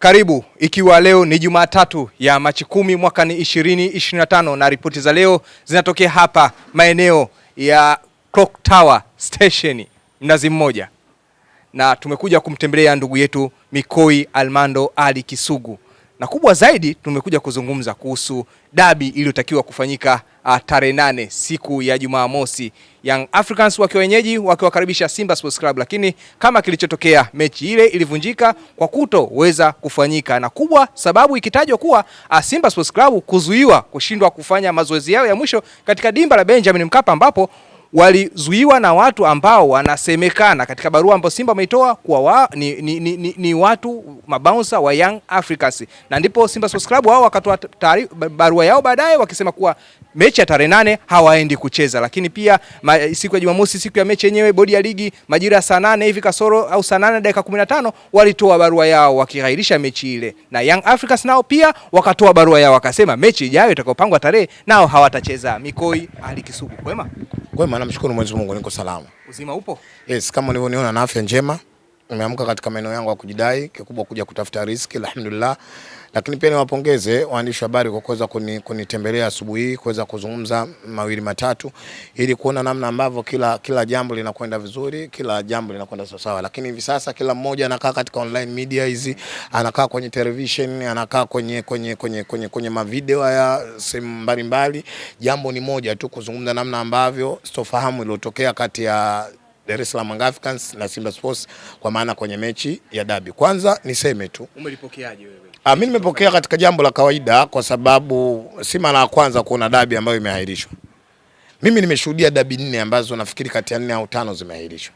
Karibu, ikiwa leo ni Jumatatu ya Machi kumi mwaka ni 2025 na ripoti za leo zinatokea hapa maeneo ya Clock Tower Station Mnazi Mmoja, na tumekuja kumtembelea ndugu yetu Mikoi Almando Ali Kisugu na kubwa zaidi tumekuja kuzungumza kuhusu dabi iliyotakiwa kufanyika ah, tarehe nane siku ya Jumamosi, Young Africans wakiwa wenyeji wakiwakaribisha Simba Sports Club, lakini kama kilichotokea, mechi ile ilivunjika kwa kutoweza kufanyika, na kubwa sababu ikitajwa kuwa ah, Simba Sports Club kuzuiwa kushindwa kufanya mazoezi yao ya mwisho katika dimba la Benjamin Mkapa ambapo walizuiwa na watu ambao wanasemekana katika barua ambayo Simba wameitoa kuwa wa, ni, ni, ni, ni watu mabounsa wa Young Africans, na ndipo Simba Sports Club wao wakatoa barua yao baadaye wakisema kuwa mechi ya tarehe nane hawaendi kucheza, lakini pia ma, siku ya Jumamosi, siku ya mechi yenyewe, bodi ya ligi majira ya saa nane hivi kasoro au saa nane dakika 15 walitoa barua yao wakighairisha mechi ile, na Young Africans nao pia wakatoa barua yao wakasema mechi ijayo itakayopangwa tarehe nao hawatacheza. Mikoi Ali Kisugu, kwema kwema, namshukuru Mwenyezi Mungu, niko salama. Uzima upo? Yes, kama ulivyoniona na afya njema, umeamka katika maeneo yangu ya kujidai, kikubwa kuja kutafuta riziki, alhamdulillah lakini pia niwapongeze waandishi wa habari kwa kuweza kunitembelea asubuhi hii kuweza kuzungumza mawili matatu, ili kuona namna ambavyo kila, kila jambo linakwenda vizuri, kila jambo linakwenda sawasawa. Lakini hivi sasa kila mmoja anakaa katika online media hizi, anakaa kwenye television, anakaa kwenye, kwenye, kwenye, kwenye, kwenye mavideo ya sehemu mbalimbali. Jambo ni moja tu, kuzungumza namna ambavyo sitofahamu iliyotokea kati ya Dar es Salaam Africans na Simba Sports kwa maana kwenye mechi ya dabi. Kwanza niseme tu, umelipokeaje wewe? Ah, mimi nimepokea katika jambo la kawaida, kwa sababu si mara ya kwanza kuona dabi ambayo imeahirishwa. Mimi nimeshuhudia dabi nne ambazo nafikiri kati ya nne au tano zimeahirishwa.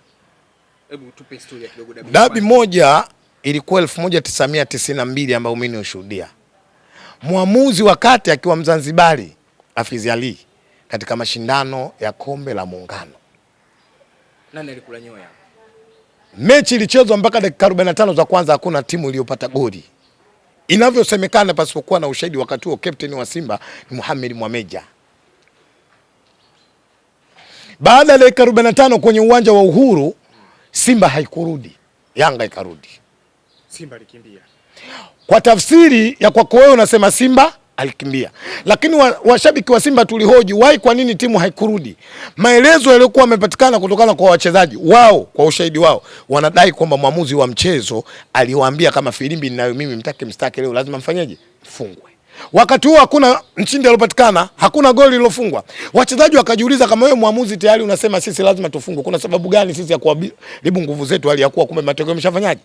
Hebu tupe historia kidogo dabi. Dabi moja ilikuwa 1992 ambayo mimi nimeshuhudia mwamuzi wakati akiwa Mzanzibari Afizi Ali katika mashindano ya kombe la Muungano. Nani alikula nyoya? Mechi ilichezwa mpaka dakika 45 za kwanza, hakuna timu iliyopata goli inavyosemekana pasipokuwa na ushahidi. Wakati huo captain wa Simba ni Mohamed Mwameja. Baada ya dakika 45 kwenye uwanja wa Uhuru, Simba haikurudi, Yanga ikarudi. Simba likimbia. Kwa tafsiri ya kwako wewe unasema Simba alikimbia. Lakini washabiki wa wa Simba tulihoji wai, kwa nini timu haikurudi? Maelezo yaliyokuwa yamepatikana kutokana kwa wachezaji wao, kwa ushahidi wao, wanadai kwamba mwamuzi wa mchezo aliwaambia kama filimbi ninayo mimi, mtake mstake, leo lazima mfanyeje, mfungwe wakati huo hakuna mshindi aliopatikana, hakuna goli lilofungwa. Wachezaji wakajiuliza kama wewe mwamuzi tayari unasema sisi lazima tufungwe, kuna sababu gani sisi ya kuharibu nguvu zetu, hali ya kuwa kumbe matokeo yameshafanyaje?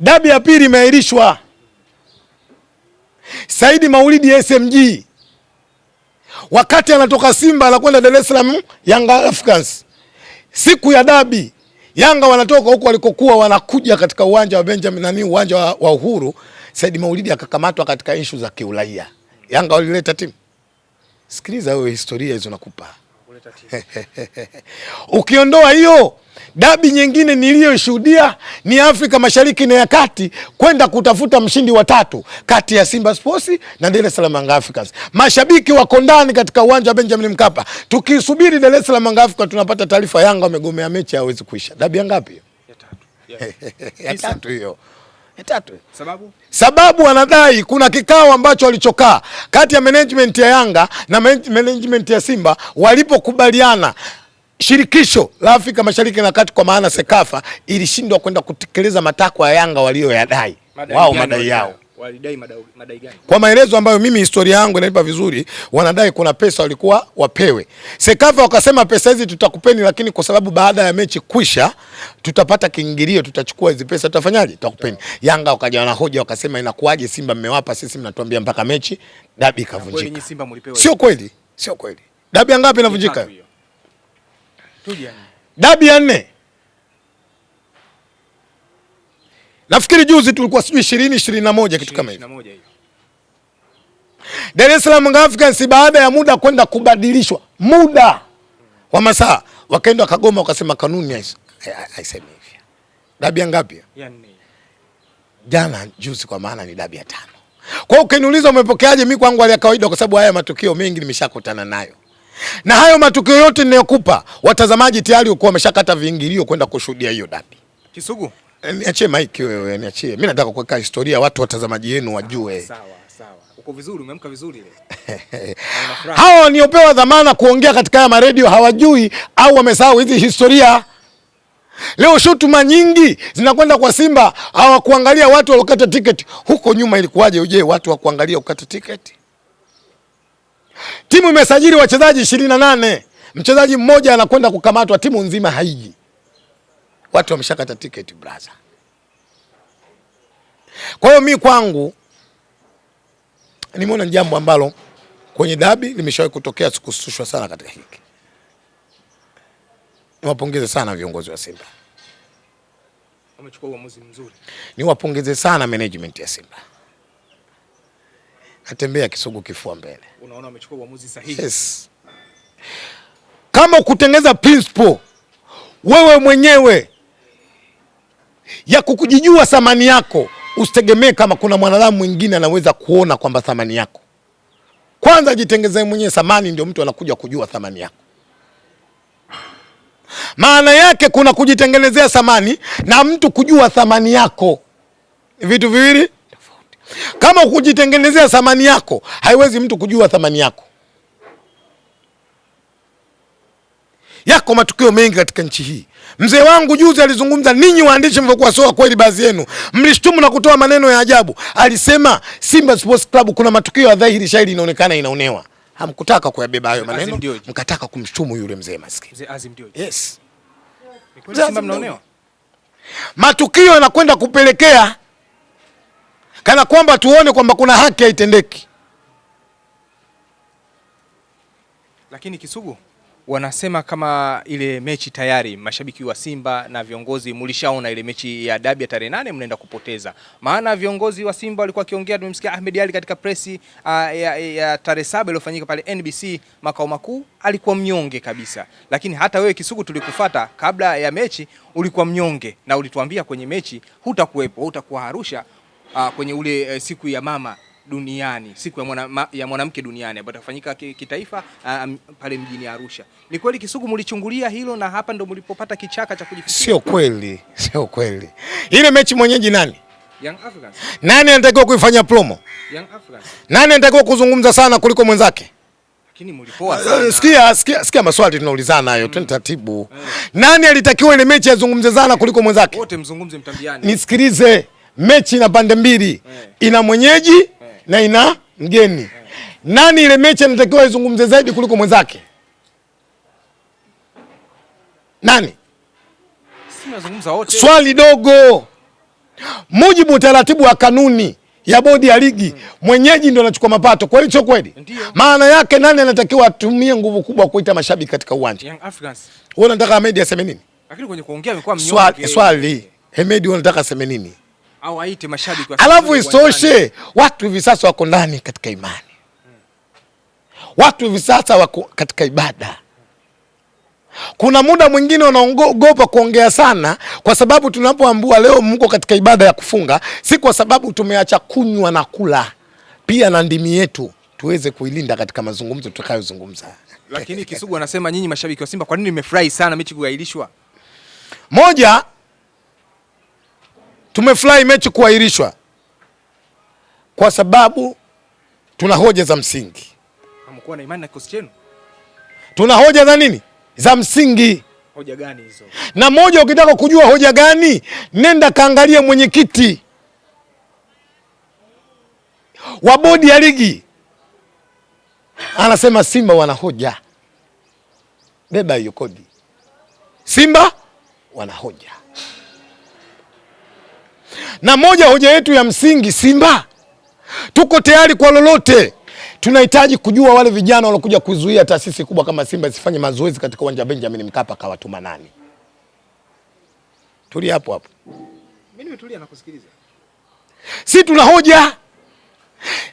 Dabi ya pili imeahirishwa. Saidi Maulidi SMG wakati anatoka Simba anakwenda Dar es Salaam Yanga Africans, siku ya dabi Yanga wanatoka huko walikokuwa wanakuja katika uwanja wa Benjamin nani, uwanja wa, Uhuru, Saidi Maulidi akakamatwa katika issue za kiulaia. Yanga walileta timu. Sikiliza wewe, historia hizo nakupa kuleta tija. Ukiondoa hiyo dabi nyingine niliyoshuhudia ni Afrika Mashariki na ya Kati kwenda kutafuta mshindi wa tatu kati ya Simba Sports na Dar es Salaam Yanga Africans. Mashabiki wako ndani katika uwanja wa Benjamin Mkapa tukisubiri Dar es Salaam Yanga Africans, tunapata taarifa Yanga wamegomea mechi, hawezi kuisha. Dabi ya ngapi? Ya tatu hiyo. Tatu. Sababu? Sababu wanadai kuna kikao ambacho walichokaa kati ya management ya Yanga na management ya Simba walipokubaliana shirikisho la Afrika Mashariki na Kati kwa maana Sekafa ilishindwa kwenda kutekeleza matakwa ya Yanga walioyadai wao madai yao walidai madai gani? Kwa maelezo ambayo mimi historia yangu inaipa vizuri, wanadai kuna pesa walikuwa wapewe. Sekafa wakasema pesa hizi tutakupeni, lakini kwa sababu baada ya mechi kwisha tutapata kiingilio, tutachukua hizi pesa, tutafanyaje? Tutakupeni. Yanga wakaja na hoja wakasema, inakuwaje Simba mmewapa sisi, mnatuambia mpaka mechi dabi ikavunjika? Sio kweli, sio kweli. Dabi ngapi inavunjika? Dabi ya nne. Nafikiri juzi tulikuwa sijui ishirini ishirini na moja kitu kama hivyo. Dar es Salaam Young Africans baada ya muda kwenda kubadilishwa muda wa masaa, wakaenda wakagoma, wakasema kanuni haisemi hivi. Dabi ya ngapi? Jana juzi, kwa maana ni dabi ya tano. Kwa hiyo ukiniuliza umepokeaje, mimi kwangu hali ya kawaida, kwa sababu haya matukio mengi nimeshakutana nayo na hayo matukio yote ninayokupa watazamaji tayari ukuwa wameshakata viingilio kwenda kushuhudia hiyo dabi Kisugu. Eh, niachie Mike wewe, niachie. Mimi nataka kuweka historia watu watazamaji wenu wajue. Sawa, sawa. Uko vizuri, umeamka vizuri ile. Hao waniopewa dhamana kuongea katika haya maredio hawajui au wamesahau hizi historia. Leo shutuma nyingi zinakwenda kwa Simba, hawakuangalia watu waliokata tiketi. Huko nyuma ilikuwaje? Uje watu wakuangalia ukata tiketi. Timu imesajili wachezaji ishirini na nane, mchezaji mmoja anakwenda kukamatwa, timu nzima haiji watu wameshakata tiketi brother. Kwa hiyo mi kwangu nimeona ni jambo ambalo kwenye dabi limeshawahi kutokea, sikusushwa sana katika hiki. Niwapongeze sana viongozi wa Simba, wamechukua uamuzi mzuri. Niwapongeze sana management ya Simba, natembea kisugu kifua mbele. Unaona wamechukua uamuzi sahihi. Yes. Kama ukutengeza principle wewe mwenyewe ya kukujijua thamani yako, usitegemee kama kuna mwanadamu mwingine anaweza kuona kwamba thamani yako. Kwanza jitengezee mwenyewe thamani, ndio mtu anakuja kujua thamani yako. Maana yake kuna kujitengenezea thamani na mtu kujua thamani yako, vitu viwili tofauti. Kama kujitengenezea thamani yako, haiwezi mtu kujua thamani yako. Yako matukio mengi katika nchi hii Mzee wangu juzi alizungumza, ninyi waandishi mlivyokuwa sio kweli, baadhi yenu mlishtumu na kutoa maneno ya ajabu. Alisema Simba Sports Club kuna matukio ya dhahiri shahiri inaonekana inaonewa. Hamkutaka kuyabeba hayo maneno, mkataka kumshtumu yule mzee maskini. Mzee Azim Dioji. Yes. Mzee Simba mnaonewa. Matukio yanakwenda kupelekea kana kwamba tuone kwamba kuna haki haitendeki. Lakini Kisugu wanasema kama ile mechi tayari mashabiki wa Simba na viongozi mlishaona ile mechi ya dabi ya tarehe nane mnaenda kupoteza. Maana viongozi wa Simba walikuwa wakiongea, tumemsikia Ahmed ali katika presi uh, ya, ya tarehe saba iliyofanyika pale NBC makao makuu, alikuwa mnyonge kabisa, lakini hata wewe Kisugu tulikufata kabla ya mechi, ulikuwa mnyonge na ulituambia kwenye mechi hutakuwepo, hutakuwa Arusha uh, kwenye ule uh, siku ya mama duniani, siku ya mwana, ma, ya mwanamke duniani ambayo itafanyika kitaifa um, pale mjini Arusha. Ni kweli Kisugu mlichungulia hilo na hapa ndo mlipopata kichaka cha kujifikia? Sio kweli, sio kweli. Ile mechi mwenyeji nani? Young Africans. Nani anatakiwa kuifanya promo? Young Africans. Nani anatakiwa kuzungumza sana kuliko mwenzake? Lakini mlipoa eh, sana. Sikia, sikia, sikia maswali tunaulizana hayo, mm. Twende taratibu. Mm. Nani alitakiwa ile mechi azungumze sana kuliko mwenzake? Wote mzungumze mtambiani. Nisikilize. Mechi ina pande mbili, eh. ina mwenyeji na ina mgeni. Nani ile mechi anatakiwa izungumze zaidi kuliko mwenzake? Nani? Swali dogo. Mujibu utaratibu wa kanuni ya bodi ya ligi, hmm. mwenyeji ndio anachukua mapato. Kweli sio kweli? Maana yake nani anatakiwa atumie nguvu kubwa kuita mashabiki katika uwanja? Young Africans. Wewe unataka Ahmed aseme nini? Lakini kwenye kuongea amekuwa mnyonge. Swali, swali. wewe unataka aseme nini? au aite mashabiki, alafu isoshe watu hivi sasa wako ndani katika imani hmm. Watu hivi sasa wako katika ibada. Kuna muda mwingine wanaogopa kuongea sana, kwa sababu tunapoambua leo mko katika ibada ya kufunga, si kwa sababu tumeacha kunywa na kula, pia na ndimi yetu tuweze kuilinda katika mazungumzo tutakayozungumza. Lakini Kisugu anasema nyinyi mashabiki wa Simba, kwa nini mmefurahi sana mechi kuahirishwa? Moja, Tumefurahi mechi kuahirishwa kwa sababu tuna hoja za msingi. Hamkuwa na imani na kikosi chenu? Tuna hoja za nini? Za msingi. Hoja gani hizo? Na moja, ukitaka kujua hoja gani, nenda kaangalie mwenyekiti wa bodi ya ligi anasema Simba wana hoja. Beba hiyo kodi, Simba wana hoja na moja hoja yetu ya msingi, Simba tuko tayari kwa lolote. Tunahitaji kujua wale vijana walokuja kuzuia taasisi kubwa kama Simba isifanye mazoezi katika uwanja wa Benjamin Mkapa kawatuma nani? Tulia hapo hapo, mimi nimetulia Si tuna hoja,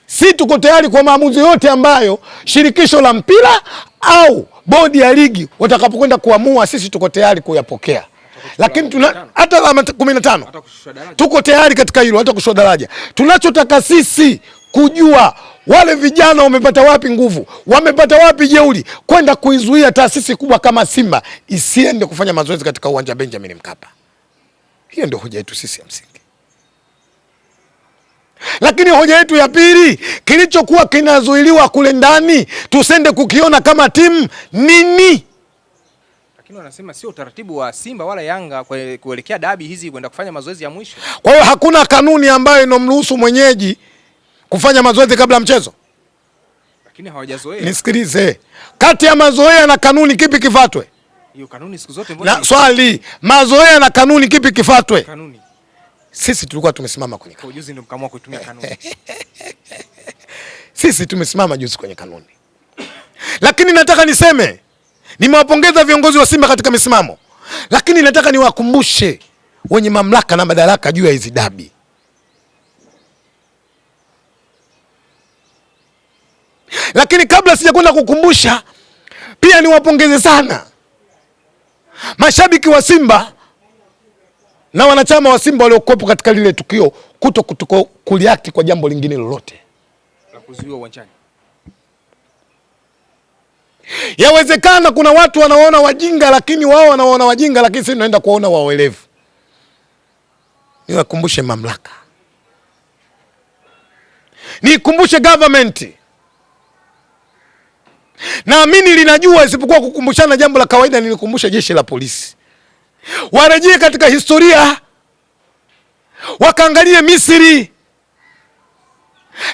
si tuko tayari kwa maamuzi yote ambayo shirikisho la mpira au bodi ya ligi watakapokwenda kuamua, sisi tuko tayari kuyapokea lakini tuna hata alama kumi na tano tuko tayari katika hilo, hata kushua daraja. Tunachotaka sisi kujua wale vijana wamepata wapi nguvu, wamepata wapi jeuri kwenda kuizuia taasisi kubwa kama Simba isiende kufanya mazoezi katika uwanja Benjamin Mkapa. Hiyo ndio hoja yetu sisi ya msingi. Lakini hoja yetu ya pili, kilichokuwa kinazuiliwa kule ndani tusende kukiona kama timu nini? Lakini wanasema sio utaratibu wa Simba wala Yanga kuelekea dabi hizi kwenda kufanya mazoezi ya mwisho. Kwa hiyo hakuna kanuni ambayo inomruhusu mwenyeji kufanya mazoezi kabla ya mchezo. Lakini hawajazoea. Nisikilize. Kati ya mazoea na kanuni kipi kifatwe? Hiyo kanuni siku zote mbona? Na swali, mazoea na kanuni kipi kifatwe? Kanuni. Sisi tulikuwa tumesimama kwenye kanuni. Kwa juzi ndio mkaamua kutumia kanuni. Sisi tumesimama juzi kwenye kanuni. Lakini nataka niseme Nimewapongeza viongozi wa Simba katika misimamo, lakini nataka niwakumbushe wenye mamlaka na madaraka juu ya hizi dabi. Lakini kabla sijakwenda kukumbusha, pia niwapongeze sana mashabiki wa Simba na wanachama wa Simba waliokuwepo katika lile tukio, kuto kuto kuliakti kwa jambo lingine lolote la kuzuiwa uwanjani. Yawezekana kuna watu wanaona wajinga, lakini wao wanaona wajinga, lakini sisi tunaenda kuwaona waoelevu. Niwakumbushe mamlaka, niikumbushe government. Naamini linajua, isipokuwa kukumbushana jambo la kawaida. Nilikumbusha jeshi la polisi, warejee katika historia, wakaangalie Misri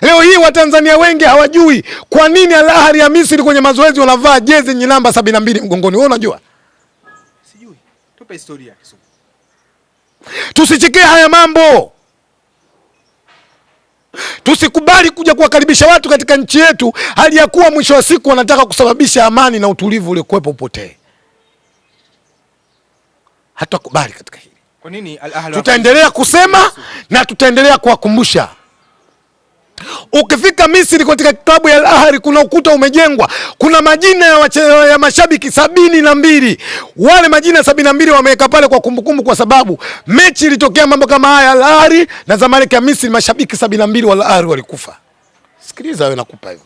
Leo hii Watanzania wengi hawajui kwa nini Al Ahly ya Misri kwenye mazoezi wanavaa jezi yenye namba 72 mgongoni. Wewe unajua? Sijui. Tupe historia Tusichekee haya mambo. Tusikubali kuja kuwakaribisha watu katika nchi yetu hali ya kuwa mwisho wa siku wanataka kusababisha amani na utulivu uliokuwepo upotee. Hatakubali katika hili. Kwa nini Al Ahly? Tutaendelea kusema na tutaendelea kuwakumbusha. Ukifika Misri katika klabu ya Al Ahly kuna ukuta umejengwa, kuna majina ya, wache, ya mashabiki sabini na mbili. Wale majina sabini na mbili wameweka pale kwa kumbukumbu, kwa sababu mechi ilitokea mambo kama haya, Al Ahly na Zamalek ya Misri, mashabiki sabini na mbili wa Al Ahly walikufa. Sikiliza wewe, nakupa hiyo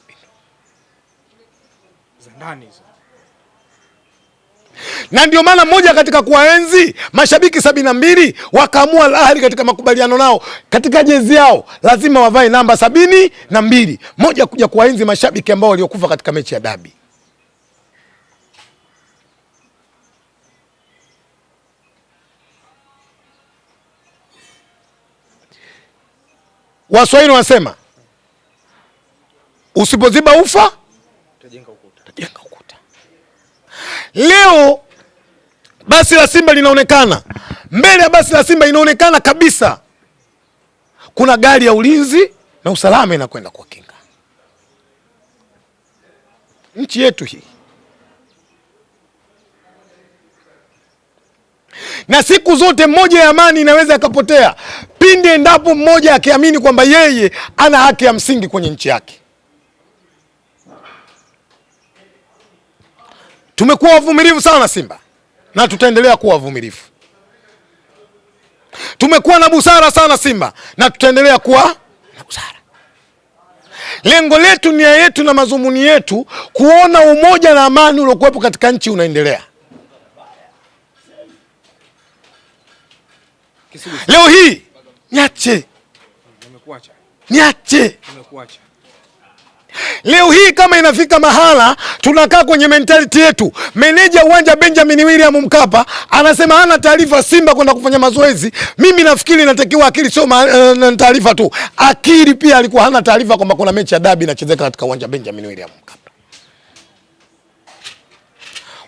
na ndio maana mmoja katika kuwaenzi mashabiki sabini na mbili wakaamua Al katika makubaliano nao katika jezi yao lazima wavae namba sabini na mbili moja kuja kuwaenzi mashabiki ambao waliokufa katika mechi ya dabi. Waswahili wanasema usipoziba ufa utajenga ukuta. Leo basi la Simba linaonekana mbele ya basi la Simba inaonekana kabisa kuna gari ya ulinzi na usalama inakwenda kuwakinga. Nchi yetu hii na siku zote mmoja ya amani inaweza ikapotea pindi endapo mmoja akiamini kwamba yeye ana haki ya msingi kwenye nchi yake. Tumekuwa wavumilivu sana Simba na tutaendelea kuwa wavumilivu. Tumekuwa na busara sana Simba na tutaendelea kuwa na busara. Lengo letu, nia yetu na mazumuni yetu kuona umoja na amani uliokuwepo katika nchi unaendelea. Leo hii niache, niache Leo hii kama inafika mahala tunakaa kwenye mentality yetu. Meneja uwanja Benjamin William Mkapa anasema hana taarifa Simba kwenda kufanya mazoezi. Mimi nafikiri inatakiwa akili sio uh, taarifa tu. Akili pia alikuwa hana taarifa kwamba kuna mechi ya dabi inachezeka katika uwanja Benjamin William Mkapa.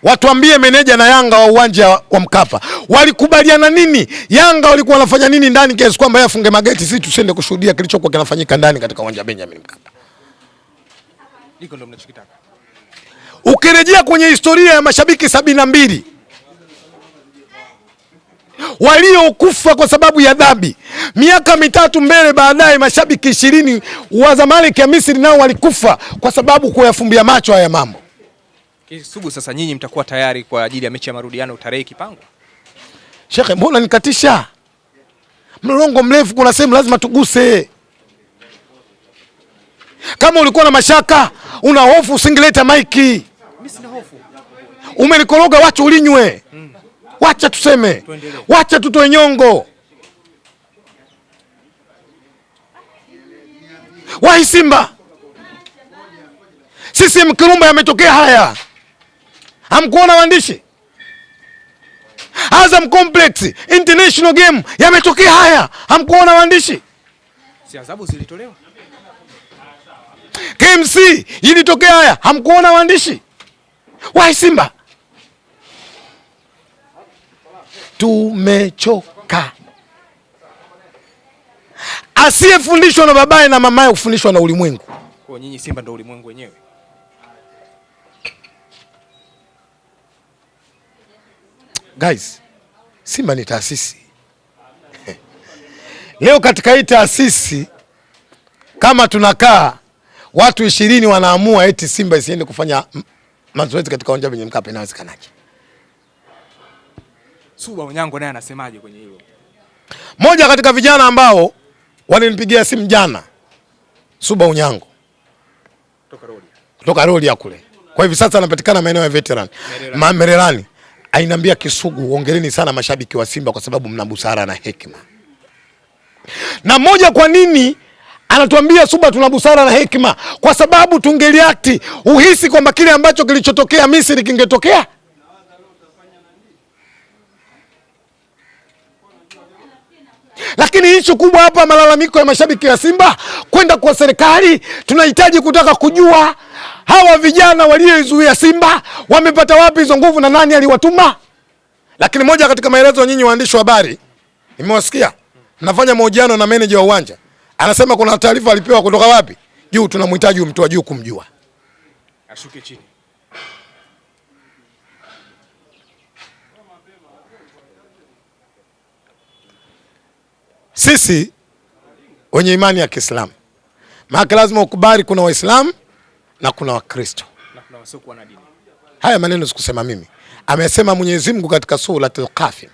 Watuambie meneja na Yanga wa uwanja wa Mkapa walikubaliana nini? Yanga walikuwa wanafanya nini ndani kiasi kwamba yafunge mageti, sisi tusiende kushuhudia kilichokuwa kinafanyika ndani katika uwanja Benjamin Mkapa? liko ndo mnachokitaka. Ukirejea kwenye historia ya mashabiki sabini na mbili waliokufa kwa sababu ya dhambi, miaka mitatu mbele baadaye, mashabiki ishirini wa Zamaleki ya Misri nao walikufa kwa sababu kuyafumbia macho haya mambo. Kisugu, sasa nyinyi mtakuwa tayari kwa ajili ya mechi ya marudiano tarehe ikipangwa? Shekhe, mbona nikatisha mlongo mrefu? Kuna sehemu lazima tuguse. Kama ulikuwa na mashaka, una hofu, usingeleta maiki. Umelikoroga, wacha ulinywe, hmm. wacha tuseme, wacha tutoe nyongo. Wahi Simba, sisi Mkirumba yametokea haya, hamkuona waandishi Azam Complex International Game yametokea haya, hamkuona waandishi, si adhabu zilitolewa? KMC ilitokea haya, hamkuona waandishi wai Simba? Tumechoka. Asiyefundishwa na babaye na mamaye hufundishwa na ulimwengu. Kwa nyinyi Simba ndio ulimwengu wenyewe. Guys, Simba ni taasisi. Leo katika hii taasisi kama tunakaa watu ishirini wanaamua eti Simba isiende kufanya mazoezi katika uwanja wenye Mkapa, inawezekanaje? Suba Onyango naye anasemaje kwenye hilo? Moja katika vijana ambao walinipigia simu jana, Suba Onyango kutoka ya kule, kwa hivi sasa anapatikana maeneo ya veteran Mererani, ainambia Kisugu, ongereni sana mashabiki wa Simba kwa sababu mna busara na hekima. Na moja, kwa nini anatuambia Suba tuna busara na hekima, kwa sababu tungeliakti, uhisi kwamba kile ambacho kilichotokea Misri kingetokea? Lakini ishu kubwa hapa, malalamiko ya mashabiki ya Simba kwenda kwa serikali, tunahitaji kutaka kujua hawa vijana waliyoizuia Simba wamepata wapi hizo nguvu na nani aliwatuma? Lakini moja katika maelezo, nyinyi waandishi wa habari, nimewasikia mnafanya mahojiano na meneja wa uwanja anasema kuna taarifa alipewa kutoka wapi juu. Tunamhitaji mtu wa juu kumjua, ashuke chini. Sisi wenye imani ya Kiislamu, maana lazima ukubali kuna Waislamu na kuna Wakristo na kuna wasiokuwa na dini. Haya maneno sikusema mimi, amesema Mwenyezi Mungu katika Suratul Kafir.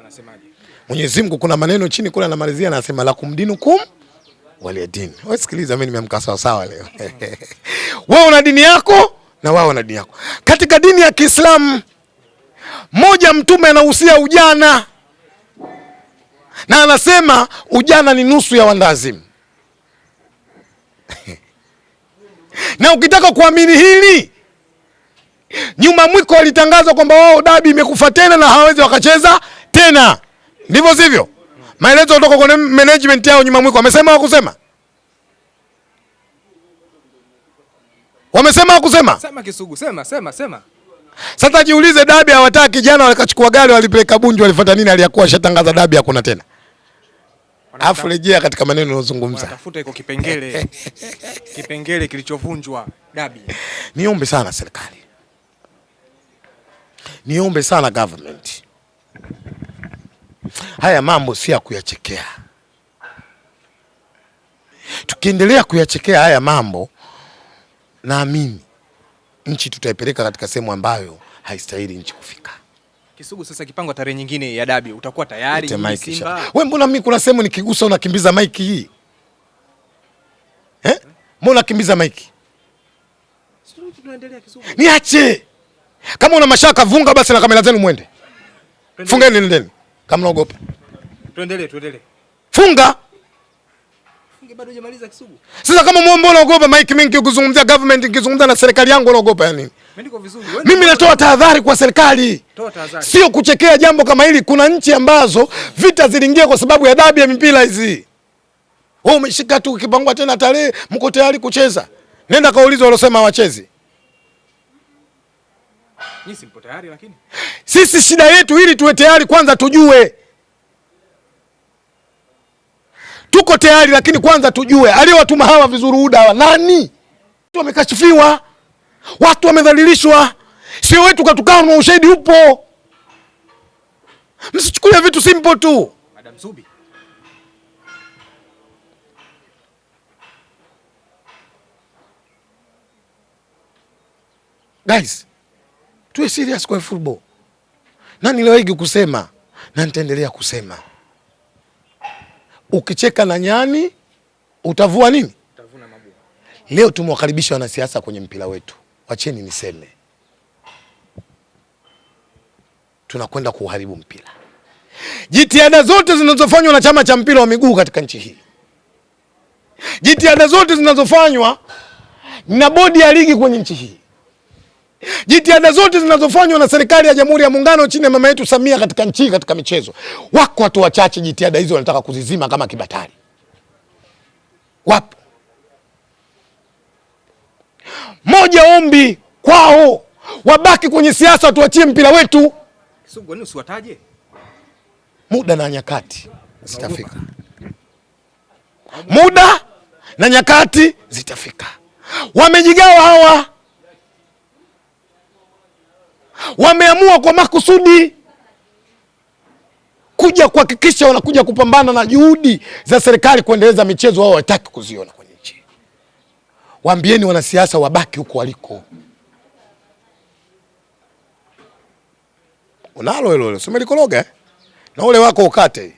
Anasemaje Mwenyezi Mungu? Kuna maneno chini kule anamalizia, anasema lakum dinukum wale dini. Wewe sikiliza, mimi nimeamka sawa sawa leo. Wewe una dini yako na wao wana dini yako. Katika dini ya Kiislamu moja, mtume anahusia ujana na anasema ujana ni nusu ya wandazimu na ukitaka kuamini hili, nyuma mwiko walitangazwa kwamba wao dabi imekufa tena na hawawezi wakacheza tena, ndivyo sivyo? Maelezo kutoka kwenye management yao nyuma mwiko. Wamesema wakusema Wamesema hawakusema? Sema Kisugu, sema sema sema. Sasa jiulize, dabi hawataki. Jana wakachukua gari walipeleka Bunju, walifuata nini? Aliyakuwa ashatangaza dabi hakuna tena. Alafu rejea katika maneno unayozungumza, Tafuta iko kipengele. Kipengele kilichovunjwa dabi. Niombe sana serikali. Niombe sana government haya mambo si ya kuyachekea. Tukiendelea kuyachekea haya mambo, naamini nchi tutaipeleka katika sehemu ambayo haistahili nchi kufika. Kisugu, sasa kipango tarehe nyingine ya dabi utakuwa tayari Simba? Wewe mbona mimi kuna sehemu nikigusa unakimbiza maiki hii eh? Mbona unakimbiza maiki? Niache. Kama una mashaka vunga basi na kamera zenu mwende. Fungeni nendeni. Kama naogopa. Tuendelee, tuendelee. Funga. Funge bado hujamaliza Kisugu. Sasa kama muombe unaogopa Mike, mimi nikizungumzia government nikizungumza na serikali yangu unaogopa ya nini? Mimi natoa tahadhari kwa serikali, sio kuchekea jambo kama hili. Kuna nchi ambazo vita ziliingia kwa sababu ya dabi ya mipira hizi. Wewe umeshika tu, ukipangwa tena tarehe, mko tayari kucheza. Nenda kauliza walosema wachezi mpo tayari lakini? Sisi shida yetu ili tuwe tayari kwanza tujue. Tuko tayari lakini kwanza tujue aliyowatuma hawa vizuri udawa nani? Watu wamekashifiwa. Watu wamedhalilishwa. Sio wetu katukaa na ushahidi upo. Msichukulie vitu simple tu. Madam Guys, tuwe serious kwa football, na niliwahi kusema na nitaendelea kusema, ukicheka na nyani utavua nini? Utavuna mabua. Leo tumewakaribisha wanasiasa kwenye mpira wetu, wacheni niseme, tunakwenda kuuharibu mpira. Jitihada zote zinazofanywa na chama cha mpira wa miguu katika nchi hii, jitihada zote zinazofanywa na bodi ya ligi kwenye nchi hii Jitihada zote zinazofanywa na serikali ya Jamhuri ya Muungano chini ya mama yetu Samia katika nchi, katika michezo, wako watu wachache jitihada hizo wanataka kuzizima kama kibatari. Wapo moja, ombi kwao wabaki kwenye siasa, watuachie mpira wetu. Muda na nyakati zitafika, muda na nyakati zitafika. Wamejigawa hawa wameamua kwa makusudi kuja kuhakikisha wanakuja kupambana na juhudi za serikali kuendeleza michezo, wao hawataki kuziona kwenye nchi. Waambieni wanasiasa wabaki huko waliko. Unalo hilo hilo, sema likologa eh? na ule wako ukate.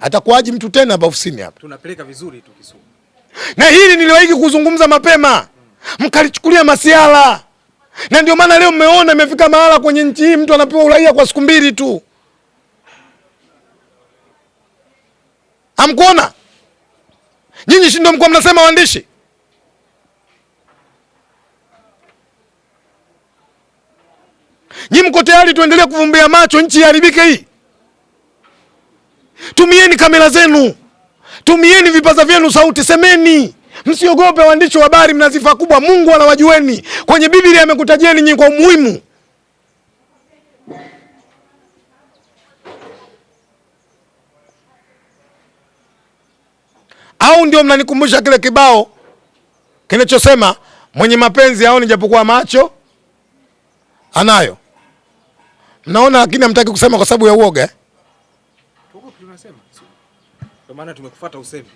atakuwaji mtu tena hapa ofisini hapa. Tunapeleka vizuri tu Kisumu. Na hili niliwahi kuzungumza mapema, mkalichukulia masiala na ndio maana leo mmeona imefika mahala kwenye nchi hii mtu anapewa uraia kwa siku mbili tu. Hamkuona nyinyi, si ndio mkuwa mnasema waandishi? Nyi mko tayari tuendelee kuvumbia macho nchi iharibike hii? Tumieni kamera zenu, tumieni vipaza vyenu sauti, semeni Msiogope waandishi wa habari, mna sifa kubwa, Mungu anawajueni. Kwenye Biblia amekutajieni nyinyi kwa umuhimu. Au ndio mnanikumbusha kile kibao kinachosema mwenye mapenzi aoni japokuwa macho anayo? Mnaona, lakini hamtaki kusema kwa sababu ya uoga eh? Kwa maana tumekufuata usemi.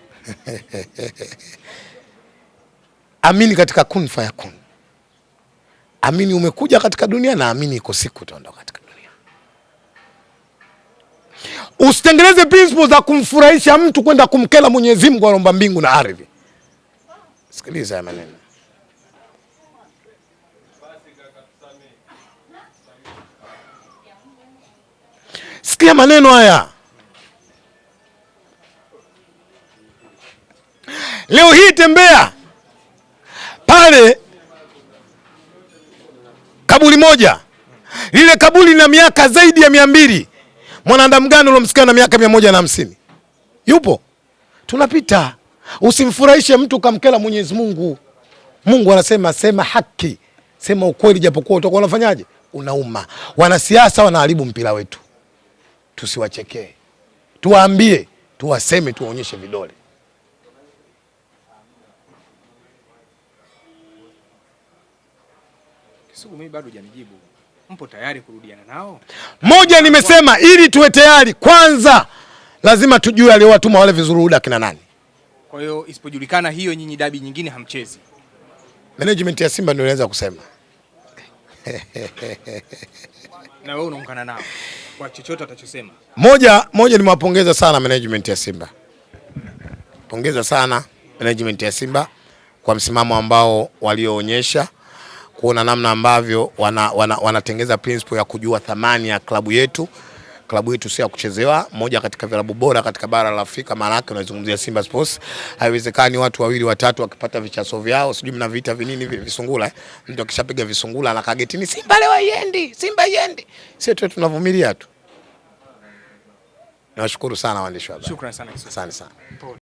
Amini katika kun fayakun. Amini umekuja katika dunia na amini iko siku utaondoka katika dunia. Usitengeneze principles za kumfurahisha mtu kwenda kumkela Mwenyezi Mungu aomba mbingu na ardhi. Sikiliza haya maneno. Sikia maneno haya. Leo hii tembea pale kaburi moja, lile kaburi lina miaka zaidi ya mia mbili. Mwanadamu gani ulomsikia na miaka mia moja na hamsini? Yupo? Tunapita. Usimfurahishe mtu kamkela Mwenyezi Mungu. Mungu anasema sema haki, sema ukweli, japokuwa utakuwa unafanyaje, unauma. Wanasiasa wanaharibu mpira wetu, tusiwachekee, tuwaambie, tuwaseme, tuwaonyeshe vidole. Sugu mimi bado hujanijibu. Mpo tayari kurudiana nao? Moja nimesema ili tuwe tayari kwanza lazima tujue aliowatuma wale vizuruhuda kina nani. Kwa hiyo isipojulikana hiyo, nyinyi dabi nyingine hamchezi. Management ya Simba ndio inaweza kusema na wewe unaungana nao kwa chochote atachosema. Moja moja, nimewapongeza sana management ya Simba, pongeza sana management ya Simba kwa msimamo ambao walioonyesha kuona namna ambavyo wanatengeza wana, wana principle ya kujua thamani ya klabu yetu. Klabu yetu si ya kuchezewa, moja katika vilabu bora katika bara la Afrika. Maana yake unaizungumzia Simba Sports. Haiwezekani watu wawili watatu wakipata vichaso vyao, sijui mnaviita vinini, visungula. eh? Mtu akishapiga visungula na kageti ni Simba leo haiendi, Simba haiendi. sio tu tunavumilia tu. Nawashukuru sana waandishi wa habari. Shukrani sana. Asante sana.